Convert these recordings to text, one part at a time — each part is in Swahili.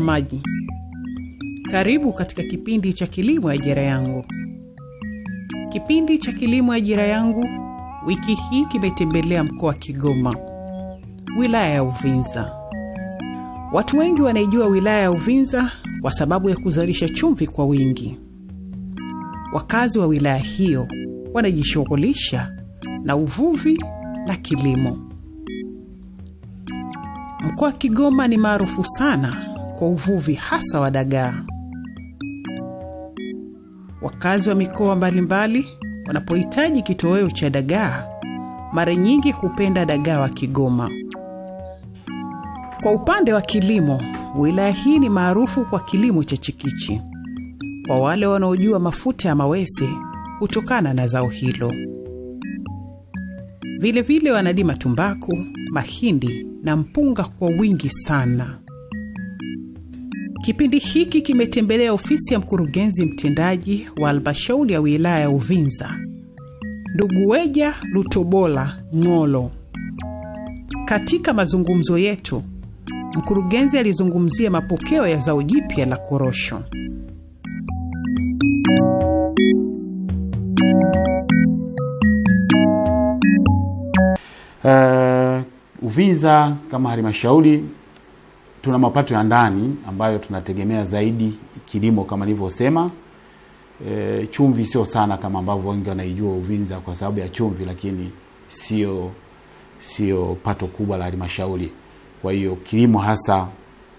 maji karibu katika kipindi cha kilimo ajira yangu kipindi cha kilimo ajira yangu wiki hii kimetembelea mkoa wa Kigoma, wilaya ya Uvinza. Watu wengi wanaijua wilaya ya Uvinza kwa sababu ya kuzalisha chumvi kwa wingi. Wakazi wa wilaya hiyo wanajishughulisha na uvuvi na kilimo. Mkoa wa Kigoma ni maarufu sana kwa uvuvi, hasa wa dagaa. Wakazi wa mikoa mbalimbali wanapohitaji kitoweo cha dagaa, mara nyingi hupenda dagaa wa Kigoma. Kwa upande wa kilimo, wilaya hii ni maarufu kwa kilimo cha chikichi. Kwa wale wanaojua, mafuta ya mawese hutokana na zao hilo. Vilevile wanalima tumbaku, mahindi na mpunga kwa wingi sana. Kipindi hiki kimetembelea ofisi ya mkurugenzi mtendaji wa halmashauri ya wilaya ya Uvinza, ndugu Weja Lutobola Ng'olo. Katika mazungumzo yetu, mkurugenzi alizungumzia mapokeo ya zao jipya la korosho. Uh, Uvinza kama halmashauri tuna mapato ya ndani ambayo tunategemea zaidi kilimo kama nilivyosema. E, chumvi sio sana kama ambavyo wengi wanaijua Uvinza kwa sababu ya chumvi, lakini sio sio pato kubwa la halmashauri. Kwa hiyo kilimo hasa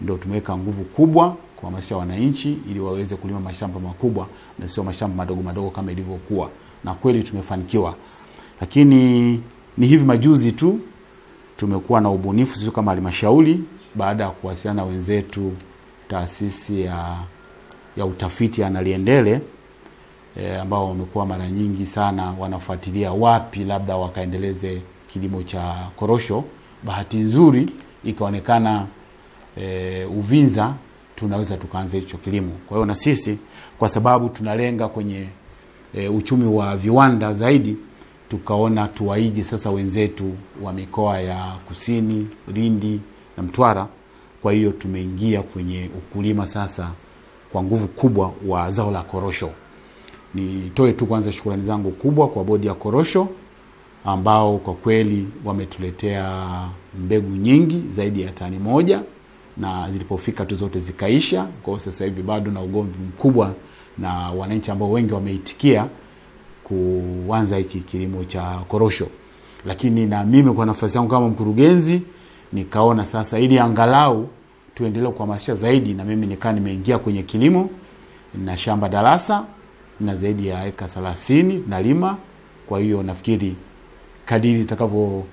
ndio tumeweka nguvu kubwa kuhamasisha wananchi ili waweze kulima mashamba makubwa na sio mashamba madogo madogo kama ilivyokuwa, na kweli tumefanikiwa. Lakini ni hivi majuzi tu tumekuwa na ubunifu sio kama halmashauri baada ya kuwasiliana na wenzetu taasisi ya, ya utafiti ya Naliendele e, ambao wamekuwa mara nyingi sana wanafuatilia wapi labda wakaendeleze kilimo cha korosho. Bahati nzuri ikaonekana e, Uvinza tunaweza tukaanza hicho kilimo. Kwa hiyo na sisi kwa sababu tunalenga kwenye e, uchumi wa viwanda zaidi, tukaona tuwaiji sasa wenzetu wa mikoa ya Kusini, Lindi na Mtwara. Kwa hiyo tumeingia kwenye ukulima sasa kwa nguvu kubwa wa zao la korosho. Nitoe tu kwanza shukrani zangu kubwa kwa bodi ya korosho ambao kwa kweli wametuletea mbegu nyingi zaidi ya tani moja, na zilipofika tu zote zikaisha. Kwa hiyo sasa hivi bado na ugomvi mkubwa na wananchi ambao wengi wameitikia kuanza hiki kilimo cha korosho, lakini na mimi kwa nafasi yangu kama mkurugenzi nikaona sasa, ili angalau tuendelee kuhamasisha zaidi, na mimi nikaa nimeingia kwenye kilimo na shamba darasa na zaidi ya eka thelathini tunalima. Kwa hiyo nafikiri kadiri itakavyo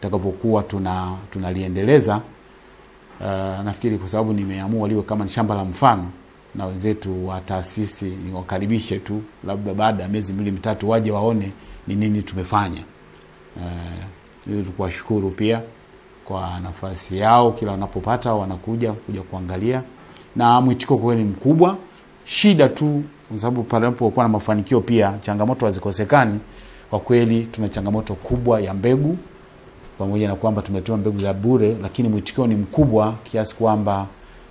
takavyokuwa tuna tunaliendeleza uh, nafikiri kwa sababu nimeamua liwe kama ni shamba la mfano, na wenzetu wa taasisi niwakaribishe tu, labda baada ya miezi miwili mitatu waje waone ni nini tumefanya, uh, ili tukuwashukuru pia kwa nafasi yao, kila wanapopata wanakuja kuja kuangalia, na mwitiko kweli ni mkubwa. Shida tu kwa sababu panapokuwa na mafanikio pia changamoto hazikosekani. Kwa kweli tuna changamoto kubwa ya mbegu, pamoja na kwamba tumetoa mbegu za bure, lakini mwitikio ni mkubwa kiasi kwamba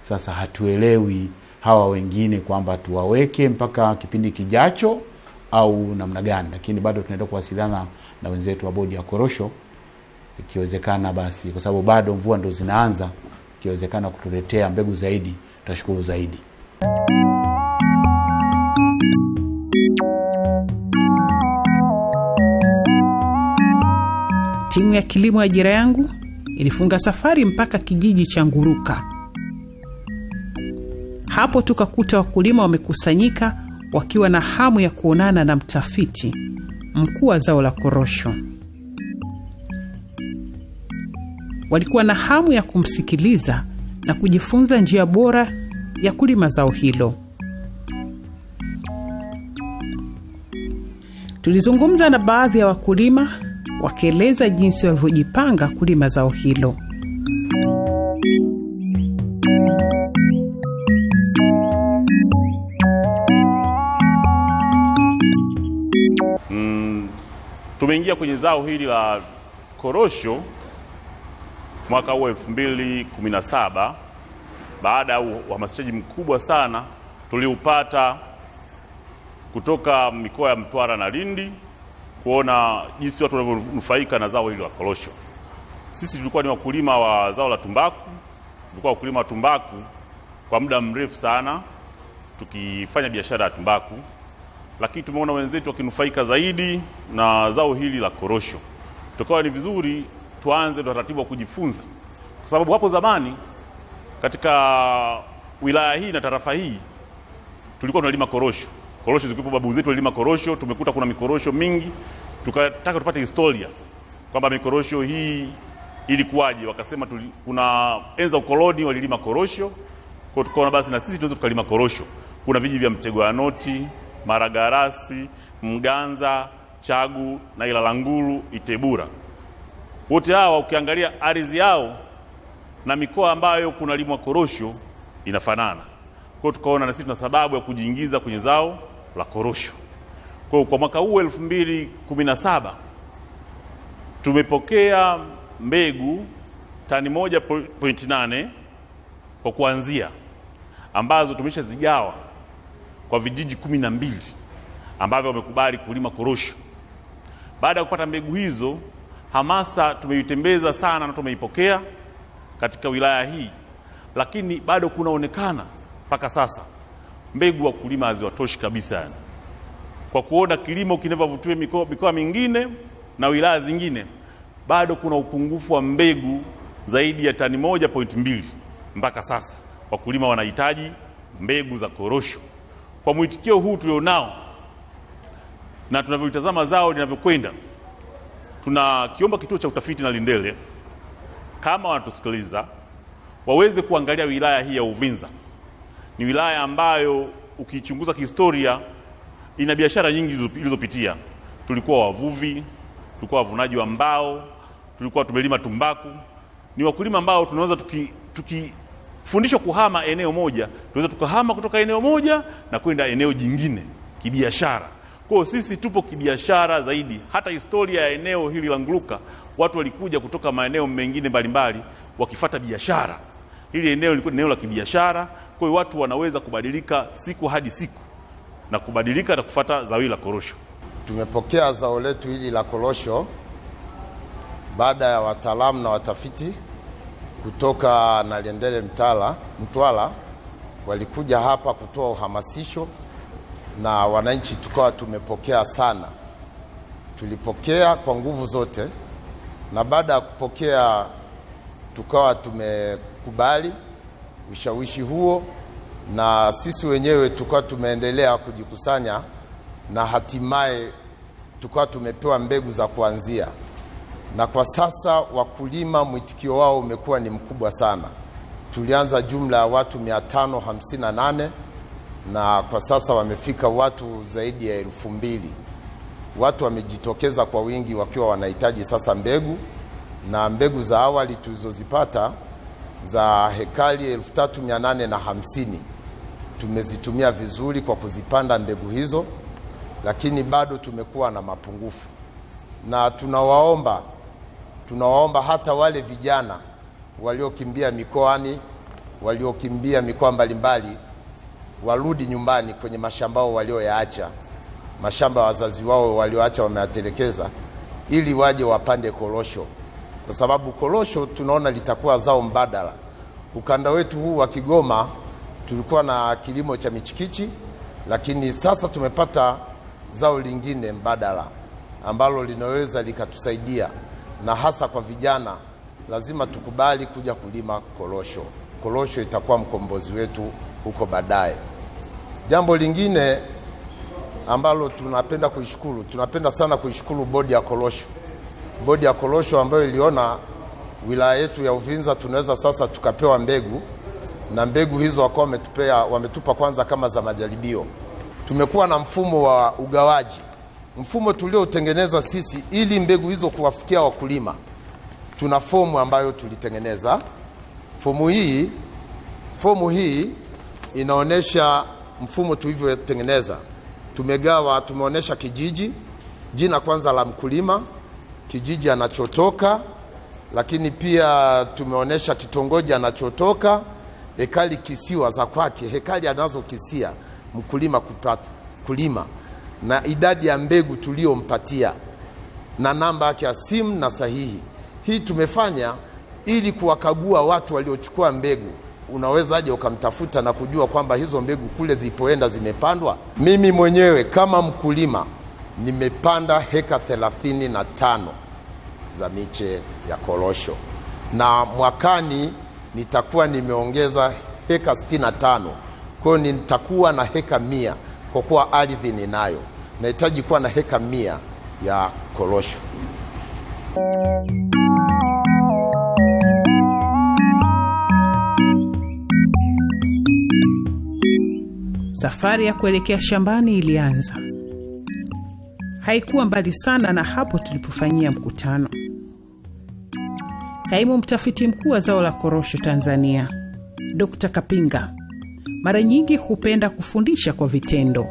sasa hatuelewi hawa wengine kwamba tuwaweke mpaka kipindi kijacho au namna gani, lakini bado tunaenda kuwasiliana na wenzetu wa bodi ya korosho ikiwezekana basi, kwa sababu bado mvua ndo zinaanza, ikiwezekana kutuletea mbegu zaidi tutashukuru zaidi. Timu ya kilimo ya Ajira Yangu ilifunga safari mpaka kijiji cha Nguruka. Hapo tukakuta wakulima wamekusanyika wakiwa na hamu ya kuonana na mtafiti mkuu wa zao la korosho. walikuwa na hamu ya kumsikiliza na kujifunza njia bora ya kulima zao hilo. Tulizungumza na baadhi ya wakulima wakieleza jinsi walivyojipanga kulima zao hilo. Mm, tumeingia kwenye zao hili la korosho mwaka huu 2017 baada ya uhamasishaji mkubwa sana tuliupata kutoka mikoa ya Mtwara na Lindi kuona jinsi watu wanavyonufaika na zao hili la korosho. Sisi tulikuwa ni wakulima wa zao la tumbaku, tulikuwa wakulima wa tumbaku kwa muda mrefu sana tukifanya biashara ya tumbaku, lakini tumeona wenzetu wakinufaika zaidi na zao hili la korosho, tukawa ni vizuri tuanze utaratibu wa kujifunza, kwa sababu hapo zamani katika wilaya hii na tarafa hii tulikuwa tunalima korosho. Korosho zilikuwa babu zetu walilima korosho, tumekuta kuna mikorosho mingi, tukataka tupate historia kwamba mikorosho hii ilikuwaje. Wakasema tuli, kuna enza ukoloni walilima korosho, kwa tukaona basi na sisi tunaweza tukalima korosho. Kuna vijiji vya Mtego wa Noti, Maragarasi, Mganza, Chagu na ilalanguru Itebura. Wote hawa ukiangalia ardhi yao na mikoa ambayo kunalimwa korosho inafanana. Kwa tukaona na sisi tuna sababu ya kujiingiza kwenye zao la korosho. Kwa kwa mwaka huu 2017 tumepokea mbegu tani moja point nane kwa kuanzia ambazo tumeshazigawa kwa vijiji kumi na mbili ambavyo wamekubali kulima korosho. Baada ya kupata mbegu hizo hamasa tumeitembeza sana na tumeipokea katika wilaya hii, lakini bado kunaonekana mpaka sasa mbegu wakulima haziwatoshi kabisa, yani kwa kuona kilimo kinavyovutia mikoa mingine na wilaya zingine, bado kuna upungufu wa mbegu zaidi ya tani moja point mbili mpaka sasa. Wakulima wanahitaji mbegu za korosho. Kwa mwitikio huu tulionao na tunavyotazama zao linavyokwenda tunakiomba kituo cha utafiti na lindele kama wanatusikiliza waweze kuangalia wilaya hii ya Uvinza. Ni wilaya ambayo ukichunguza kihistoria ina biashara nyingi zilizopitia. Tulikuwa wavuvi, tulikuwa wavunaji wa mbao, tulikuwa tumelima tumbaku. Ni wakulima ambao tunaweza tukifundishwa tuki kuhama eneo moja, tunaweza tukahama kutoka eneo moja na kwenda eneo jingine kibiashara. Kwa sisi tupo kibiashara zaidi. Hata historia ya eneo hili la Nguluka, watu walikuja kutoka maeneo mengine mbalimbali wakifata biashara. Hili eneo lilikuwa eneo la kibiashara, kwa hiyo watu wanaweza kubadilika siku hadi siku na kubadilika na kufata zao hili la korosho. Tumepokea zao letu hili la korosho baada ya wataalamu na watafiti kutoka Naliendele Mtwara, mtwala walikuja hapa kutoa uhamasisho na wananchi tukawa tumepokea sana. Tulipokea kwa nguvu zote, na baada ya kupokea tukawa tumekubali ushawishi huo, na sisi wenyewe tukawa tumeendelea kujikusanya, na hatimaye tukawa tumepewa mbegu za kuanzia, na kwa sasa wakulima mwitikio wao umekuwa ni mkubwa sana. Tulianza jumla ya watu 558 na kwa sasa wamefika watu zaidi ya elfu mbili. Watu wamejitokeza kwa wingi wakiwa wanahitaji sasa mbegu, na mbegu za awali tulizozipata za hekari elfu tatu mia nane na hamsini tumezitumia vizuri kwa kuzipanda mbegu hizo, lakini bado tumekuwa na mapungufu, na tunawaomba tunawaomba hata wale vijana waliokimbia mikoani waliokimbia mikoa mbalimbali warudi nyumbani kwenye mashamba yao walioyaacha, mashamba ya wazazi wao walioacha wameatelekeza, ili waje wapande korosho, kwa sababu korosho tunaona litakuwa zao mbadala. Ukanda wetu huu wa Kigoma tulikuwa na kilimo cha michikichi, lakini sasa tumepata zao lingine mbadala ambalo linaweza likatusaidia na hasa kwa vijana, lazima tukubali kuja kulima korosho. Korosho itakuwa mkombozi wetu huko baadaye. Jambo lingine ambalo tunapenda kuishukuru, tunapenda sana kuishukuru bodi ya korosho, bodi ya korosho ambayo iliona wilaya yetu ya Uvinza tunaweza sasa tukapewa mbegu, na mbegu hizo wakawa wametupea, wametupa kwanza kama za majaribio. Tumekuwa na mfumo wa ugawaji, mfumo tuliotengeneza sisi ili mbegu hizo kuwafikia wakulima. Tuna fomu ambayo tulitengeneza, fomu hii fomu hii inaonyesha mfumo tulivyotengeneza. Tumegawa, tumeonyesha kijiji, jina kwanza la mkulima, kijiji anachotoka, lakini pia tumeonyesha kitongoji anachotoka, hekali kisiwa za kwake, hekali anazokisia mkulima kupata, kulima na idadi ya mbegu tuliyompatia na namba yake ya simu na sahihi. Hii tumefanya ili kuwakagua watu waliochukua mbegu unawezaje ukamtafuta na kujua kwamba hizo mbegu kule zilipoenda zimepandwa? Mimi mwenyewe kama mkulima nimepanda heka thelathini na tano za miche ya korosho na mwakani nitakuwa nimeongeza heka sitini na tano kwa hiyo nitakuwa na heka mia kwa kuwa ardhi ninayo, nahitaji kuwa na heka mia ya korosho. Safari ya kuelekea shambani ilianza. Haikuwa mbali sana na hapo tulipofanyia mkutano. Kaimu mtafiti mkuu wa zao la korosho Tanzania, Dr. Kapinga, mara nyingi hupenda kufundisha kwa vitendo.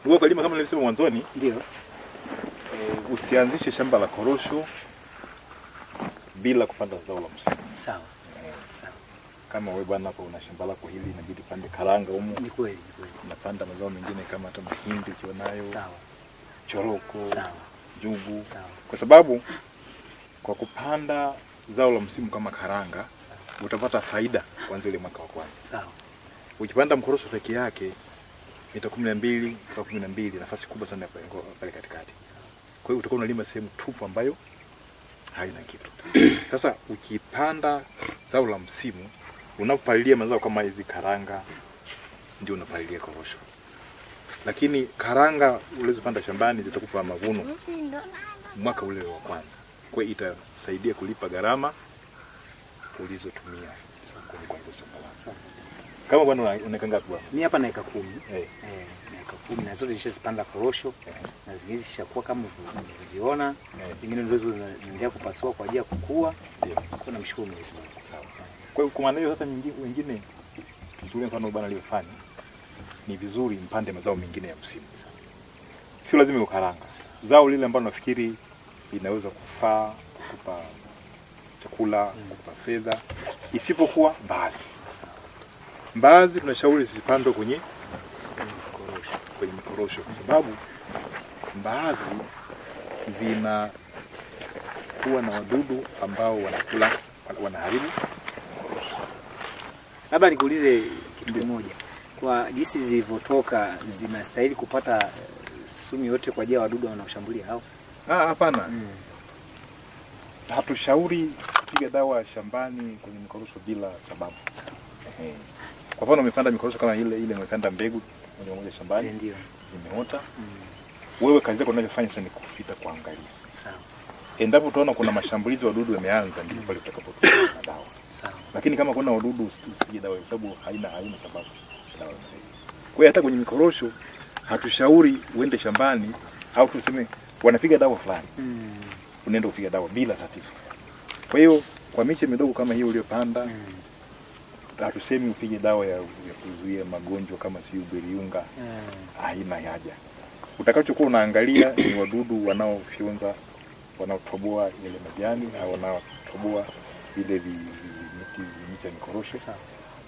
Ndugu wakulima, kama nilivyosema mwanzoni, ndio eh, usianzishe shamba la korosho bila kupanda zao la msimu. Sawa. Sawa. Kama wewe bwana hapo una shamba lako hili inabidi pande karanga humo. Ni kweli, ni kweli. Unapanda mazao mengine kama hata mahindi ukiwa Sawa. Choroko. Sawa. Njugu. Sawa. Kwa sababu kwa kupanda zao la msimu kama karanga Sawa. utapata faida kwanza ile mwaka wa kwanza. Sawa. Ukipanda mkorosho peke yake mita kumi na mbili kwa kumi na mbili nafasi kubwa sana pale katikati. Kwa hiyo utakuwa unalima sehemu tupu ambayo haina kitu. Sasa ukipanda zao la msimu, unapalilia mazao kama hizi karanga, ndio unapalilia korosho, lakini karanga ulizopanda shambani zitakupa mavuno mwaka ule wa kwanza, kwa hiyo itasaidia kulipa gharama ulizotumia kama bwana unaikanga wapi? Mimi hapa naika kumi. Eh. Eh, naika kumi na zote nishazipanda korosho eh. Na zingine zishakuwa kama unaziona eh. Zingine ndizo zinaendelea kupasua kwa ajili ya kukua. Yeah. Kwa namshukuru Mwenyezi Mungu. Sawa. Kwa hiyo kwa maana hiyo sasa wengine tuchukulie mfano bwana aliyofanya ni vizuri mpande mazao mengine ya msimu Sio lazima ukaranga. Zao lile ambalo nafikiri inaweza kufaa kupa chakula, kupa fedha, isipokuwa mbaazi. Mbaazi tunashauri zisipandwe kwenye kwenye mikorosho, kwa sababu mbaazi zina kuwa na wadudu ambao wanakula wanaharibu mikorosho. Labda nikuulize kitu kimoja, kwa jinsi zilivyotoka, zinastahili kupata sumu yote kwa ajili ya wadudu wanaoshambulia hao? Ah, hapana. Mm hatushauri kupiga dawa shambani kwenye mikorosho bila sababu. Eh, kwa mfano umepanda mikorosho kama ile ile, umepanda mbegu moja moja shambani, ndio zimeota mm. Wewe kazi yako unachofanya sasa ni kufita kuangalia, sawa. Endapo utaona kuna mashambulizi wadudu wameanza, ndipo pale utakapotoa dawa, sawa. Lakini kama kuna wadudu usipige dawa, kwa sababu haina haina sababu Kwa hiyo hata kwenye mikorosho hatushauri uende shambani au tuseme wanapiga dawa fulani mm unaenda kupiga dawa bila tatizo. Kwa hiyo kwa miche midogo kama hiyo uliyopanda mm. Hatusemi upige dawa ya, ya kuzuia magonjwa kama si uberiunga mm. Haina yaja. Utakachokuwa unaangalia ni wadudu wanaofyonza, wanaotoboa ile majani na wanaotoboa vile miche ya mikorosho.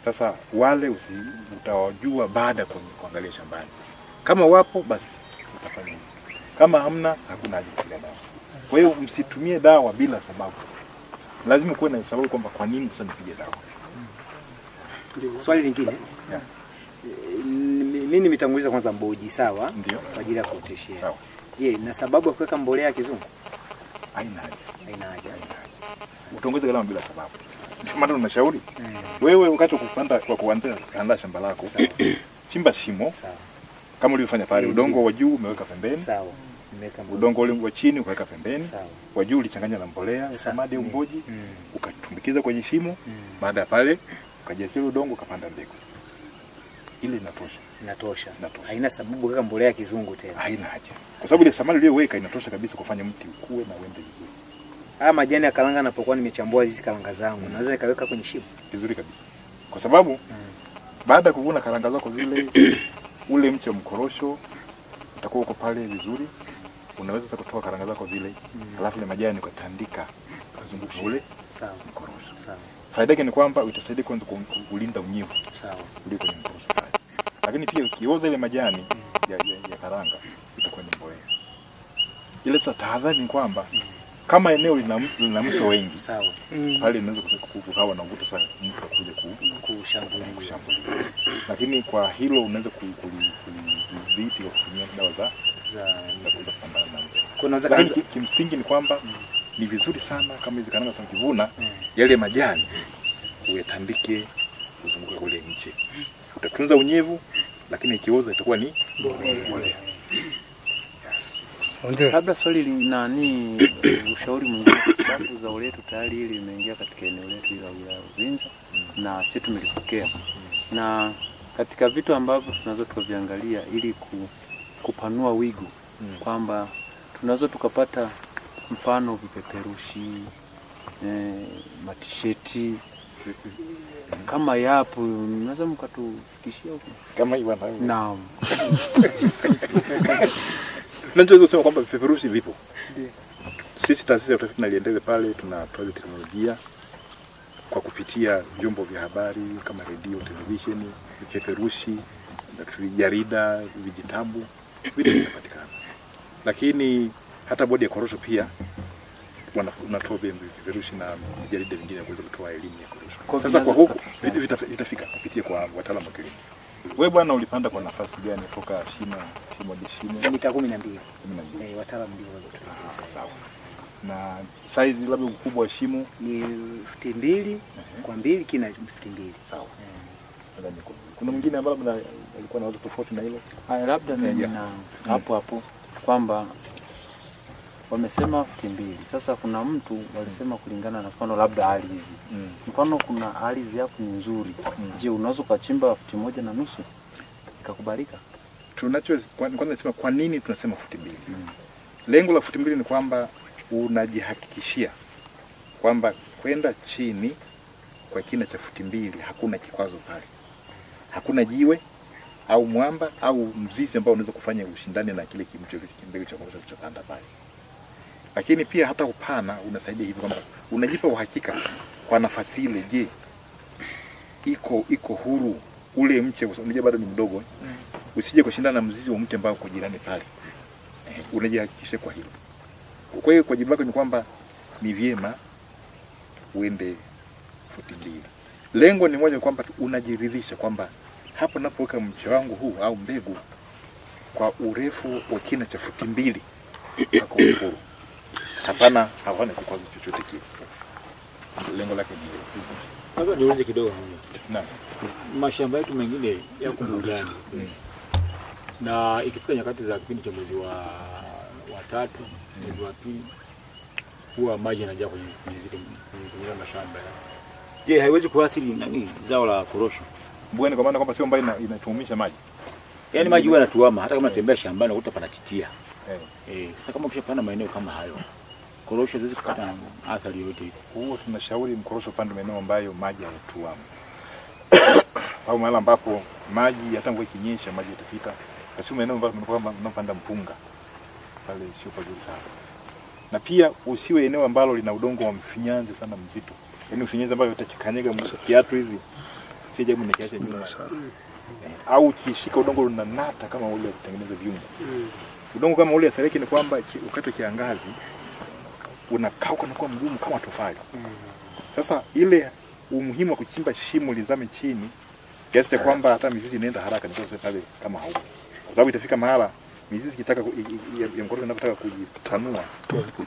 Sasa wale usi, utawajua baada ya kuangalia shambani, kama wapo basi utafanya, kama hamna hakuna haja kupiga dawa. Kwa hiyo msitumie dawa bila sababu, lazima kuwe na sababu kwamba kwa nini sasa nipige dawa. Swali lingine yeah. Mimi nimetanguliza kwanza mboji, sawa, ndio kwa ajili ya kuoteshea. Sawa. Je, na sababu ya kuweka mbolea ya kizungu? Haina haja. Haina haja. utongeze gharama bila sababu. Ndio tunashauri eh. wewe wakati kupanda kwa kuandaa shamba lako, chimba shimo. Sawa. Kama ulivyofanya pale, udongo wa juu umeweka pembeni. Sawa udongo ule wa chini ukaweka pembeni, wa juu ulichanganya na mbolea samadi au mboji mm. mm. ukatumbikiza kwenye shimo mm. baada ya pale ukajazia udongo ukapanda mbegu ile inatosha. Inatosha. Inatosha. Haina sababu kaka mbolea ya kizungu tena. Haina haja. Kwa sababu ile samadi uliyoweka inatosha kabisa kufanya mti ukue na uende vizuri. Haya majani ya kalanga napokuwa nimechambua hizi kalanga zangu, mm. naweza nikaweka kwenye shimo. Vizuri kabisa. Kwa sababu mm. baada ya kuvuna kalanga zako zile ule mche mkorosho utakuwa uko pale vizuri unaweza sasa kutoa karanga zako zile mm. alafu ile majani ukatandika kuzunguka ule sawa mkorosho. Sawa, faida yake ni kwamba utasaidia kwanza kulinda unyevu sawa ule kwenye mkorosho lakini pia ukioza ile majani mm. ya, ya, ya karanga itakuwa ni mbolea ile. Sasa tahadhari ni kwamba mm. kama eneo lina lina mto wengi sawa mm. pale inaweza kukawa na mvuto sana mtu kuja kushambulia kushambulia, lakini kwa hilo unaweza kulidhibiti kwa kutumia dawa za za kimsingi ni kwamba ni vizuri sana kama hizi karanga za kivuna yale majani uyatandike kuzunguka kule nje, utatunza unyevu, lakini ikioza itakuwa ni mbolea. Labda swali nani ushauri mwingine, kwa sababu zao letu tayari hili limeingia katika eneo letu la wilaya Uvinza mm. na sisi tumelipokea mm. na katika vitu ambavyo tunaweza tukaviangalia ili ku kupanua wigo mm. kwamba tunaweza tukapata mfano vipeperushi e, matisheti kama yapo naweza mkatufikishia huko kama hiyo na Naam. Tunachoweza kusema kwamba vipeperushi vipo. Ndiyo. Sisi taasisi ya utafiti na liendele pale tunatoa teknolojia kwa kupitia vyombo vya habari kama redio, televisheni, vipeperushi, jarida, vijitabu vile vinapatikana, lakini hata bodi ya korosho pia wanatoa vipeperushi na majarida vingine kuweza kutoa elimu ya korosho. Sasa kwa huku vitafika kupitia kwa wataalamu wa kilimo. Wewe bwana, ulipanda kwa nafasi gani toka shina shimo shimo? Mita 12. Eh, wataalamu ndio tu. Sawa. Na size labda ukubwa wa shimo ni futi mbili kwa mbili kina futi mbili. Sawa. Eh. Kuna mwingine ambaye alikuwa na wazo tofauti na hilo? Haya, labda mimi na hapo hapo kwamba wamesema kimbili. Sasa kuna mtu walisema kulingana na mfano labda hali hizi mm. mfano kuna ardhi yako ni nzuri mm. Je, unaweza kuchimba futi moja na nusu ikakubalika? Tunacho kwanza nasema kwa nini tunasema futi mbili mm. lengo la futi mbili ni kwamba unajihakikishia kwamba kwenda chini kwa kina cha futi mbili hakuna kikwazo pale hakuna jiwe au mwamba au mzizi ambao unaweza kufanya ushindani na kile kimbele cha korosho kilichopanda pale. Lakini pia hata upana unasaidia hivyo kwamba unajipa uhakika kwa nafasi ile. Je, iko iko huru ule mche, sababu bado ni mdogo, usije kushindana na mzizi wa mti ambao uko jirani pale. Eh, unajihakikisha kwa hilo. Kwa hiyo kwa jibu lako ni kwamba ni vyema uende futi mbili lengo ni moja, kwamba unajiridhisha kwamba hapo napoweka mche wangu huu au mbegu kwa urefu wa kina cha futi mbili, huru, hapana, hawana kikwazo chochote kile. Lengo lake ni hilo. Sasa niulize kidogo, naam, mashamba yetu mengine yako mbugani mm. na ikifika nyakati za kipindi cha mwezi wa watatu mwezi wa pili huwa maji yanajaa kwenye kwenye mashamba yao Je, haiwezi kuathiri nani zao la korosho? Mbweni kwa maana kwamba sio mbali inatuumisha maji. Yaani maji huwa yanatuama hata kama natembea shambani ukuta panakitia. Eh. eh. Sasa kama ukishapanda maeneo kama hayo korosho ziwezi kupata athari yoyote. Huo tunashauri mkorosho pande maeneo ambayo maji yanatuama Au mahali ambapo maji hata mvua ikinyesha maji yatapita. Basi maeneo ambayo mnakwamba mnapanda mpunga pale sio pazuri sana. Na pia usiwe eneo ambalo lina udongo wa mfinyanzi sana mzito yani usinyeze ambavyo utachikanyaga kiatu hivi, si jambo nikiacha nyuma sana eh, au ukishika udongo unanata kama ule wa kutengeneza vyungu. Udongo kama ule athariki ni kwamba wakati wa kiangazi unakauka na kuwa mgumu kama tofali. Sasa ile umuhimu wa kuchimba shimo lizame chini kiasi cha kwamba hata mizizi inaenda haraka, ndio pale kama huko, kwa sababu itafika mahala mizizi ikitaka ya mkorosho inapotaka kujitanua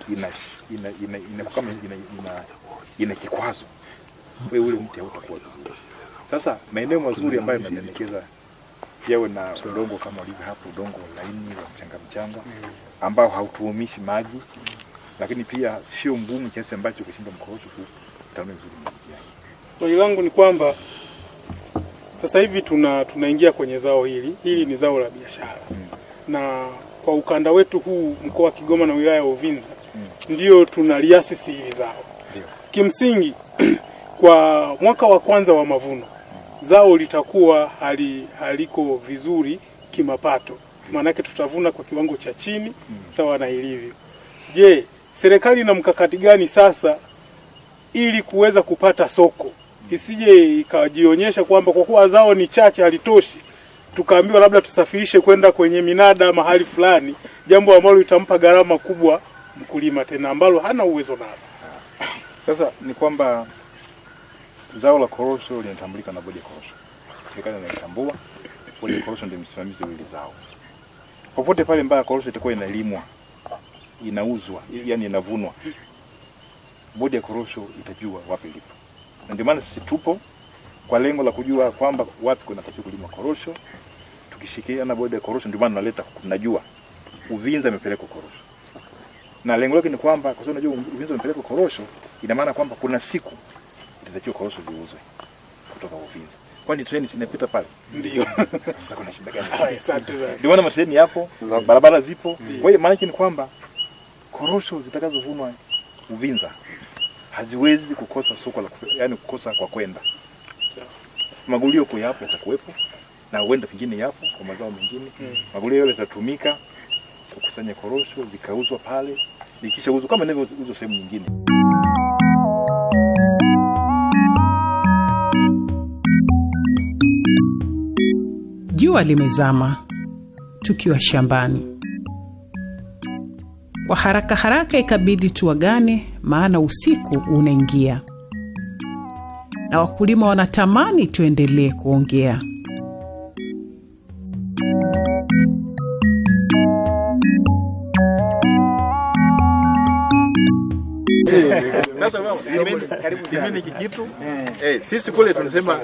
ina ina ina ina kama ina ina, ina kikwazo, wewe ule mti hautakuwa vizuri. Sasa maeneo mazuri ambayo yanapendekeza yawe na udongo kama ulivyo hapo, udongo laini wa mchanga mchanga ambao hautuumishi maji, lakini pia sio mgumu kiasi ambacho kushinda mkorosho kutanua vizuri mizizi yake. Swali langu ni kwamba sasa hivi tuna tunaingia kwenye zao hili hili, ni zao la biashara na kwa ukanda wetu huu mkoa wa Kigoma na wilaya ya Uvinza mm. ndio tunaliasisi hili zao. Ndio. Kimsingi kwa mwaka wa kwanza wa mavuno zao litakuwa hali, haliko vizuri kimapato, maanake tutavuna kwa kiwango cha chini mm. sawa na ilivyo. Je, serikali ina mkakati gani sasa ili kuweza kupata soko isije ikajionyesha kwamba kwa kuwa zao ni chache halitoshi tukaambiwa labda tusafirishe kwenda kwenye minada mahali fulani, jambo ambalo litampa gharama kubwa mkulima, tena ambalo hana uwezo nalo. Sasa ni kwamba zao la korosho linatambulika na bodi ya korosho, serikali inaitambua bodi ya korosho, ndio msimamizi wa zao. Popote pale mbaya korosho itakuwa inalimwa, inauzwa, yani inavunwa, bodi ya korosho itajua wapi lipo, na ndio maana sisi tupo kwa lengo la kujua kwamba wapi kunatakiwa kulima korosho tukishikiana na ya Korosho, ndio maana naleta najua Uvinza imepelekwa Korosho. Na lengo lake ni kwamba kwa sababu najua Uvinza imepelekwa Korosho, ina maana kwamba kuna siku itatakiwa Korosho ziuzwe kutoka Uvinza. Kwani treni sinapita pale? Ndio. Sasa kuna shida gani? Asante sana. Ndio maana matreni yapo, barabara zipo. Kwa hiyo maana yake ni kwamba korosho zitakazovunwa Uvinza haziwezi kukosa soko la, yani kukosa kwa kwenda. Magulio kwa hapo yatakuwepo na huenda pengine yapo kwa mazao mengine. Mm. Magunia yale yatatumika kukusanya korosho zikauzwa pale, ikishauzwa kama inavyouzwa sehemu nyingine. Jua limezama tukiwa shambani. Kwa haraka haraka ikabidi tuwagane, maana usiku unaingia na wakulima wanatamani tuendelee kuongea. sasa eh. eh, sisi kule tunasema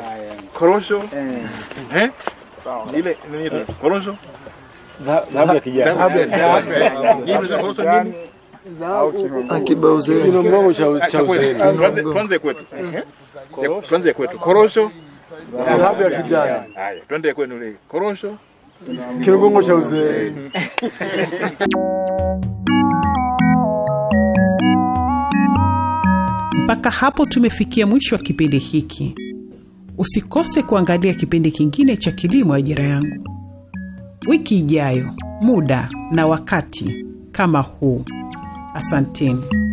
korosho eh, eh? ile nini eh. korosho, dhahabu ya kijani, dhahabu ya kijani yaani, kibao cha ah, uzeni. Tuanze kwetu, tuanze kwetu, korosho, dhahabu ya kijani. Haya, twende kwenu, ile korosho, cha Mpaka hapo tumefikia mwisho wa kipindi hiki. Usikose kuangalia kipindi kingine cha Kilimo Ajira Yangu wiki ijayo, muda na wakati kama huu. Asanteni.